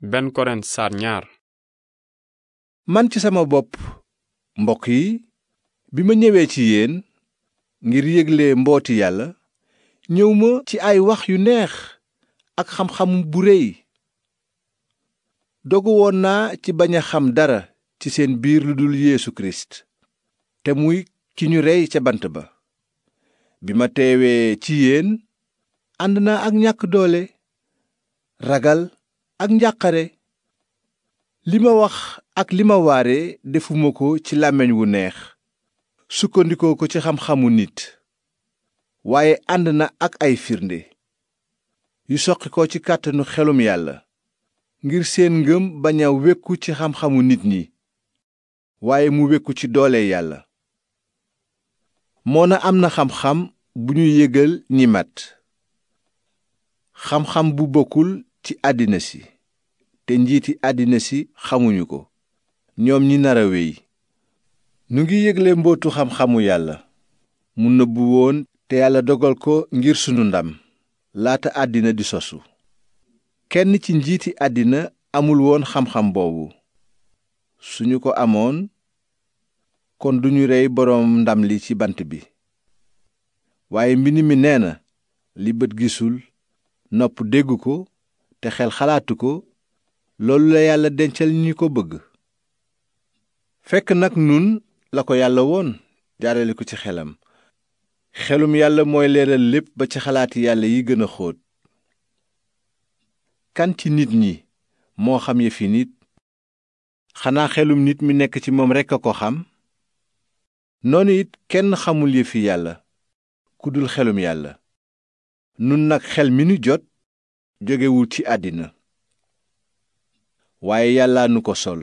benn korent saar man ci sama bopp mbokk yi bi ma ñëwee ci yéen ngir yégle mbooti yàlla ñëw ma ci ay wax yu neex ak xam-xam bu réy dogu woon naa ci bañ a xam dara ci seen biir lu dul Yeesu Kirist te muy ki ñu rey ca bant ba bi ma teewee ci yéen ànd naa ak ñàkk doole ragal ak njàqare li ma wax ak li ma waare defuma ko ci làmmiñ wu neex sukkandikoo ko ci xam-xamu nit waaye ànd na ak ay firnde yu soqi ko ci kàttanu xelum yàlla ngir seen ngëm bañ a wékku ci xam-xamu nit ñi waaye mu wékku ci doole yàlla moona am na xam-xam bu ñu yégal ñi mat xam-xam bu bokkul ci àddina si te njiiti àddina si xamuñu ko ñoom ñi nar a wéy nu ngi yëgle mbootu xam-xamu yàlla mu nëbbu woon te yàlla dogal ko ngir sunu ndam laata àddina di sosu kenn ci njiiti àddina amul woon xam-xam boobu suñu ko amoon kon duñu rey boroom ndam li ci bant bi waaye mbind mi nee na li bët gisul nopp dégg ko te xel xalaatu ko loolu la yàlla dencal ñi ko bëgg fekk nag nun la ko yàlla woon jaarale ko ci xelam xelum yàlla mooy leeral lépp ba ci xalaati yàlla yi gën a xóot kan ci nit ñi moo xam yëfi nit xanaa xelum nit mi nekk ci moom rekk a ko xam noonu it kenn xamul yëfi yàlla ku dul xelum yàlla nun nag xel mi nu jot jógewul ci àddina waaye yàlla nu ko sol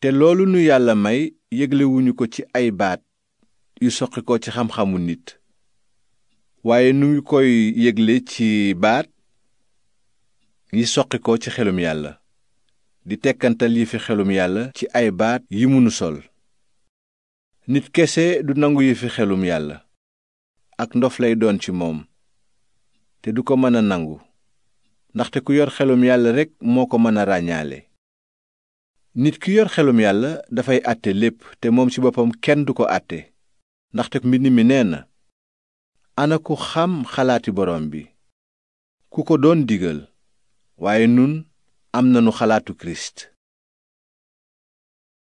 te loolu nu yàlla may yéglewuñu ko ci ay baat yu soqi ko ci xam-xamu nit waaye nu ngi koy yëgle ci baat yi soqi ko ci xelum yàlla di tekkantal yi fi xelum yàlla ci ay baat yi munu sol nit kese du nangu yi fi xelum yàlla ak ndof lay doon ci moom te du ko mën a nangu ndaxte ku yor xelum yàlla rekk moo ko mën a ràññaale nit ki yor xelum yàlla dafay àtte lépp te moom ci boppam kenn du ko àtte ndaxte mbind mi nee na ana ku xam xalaati borom bi ku ko doon digal waaye nun am nanu xalaatu kirist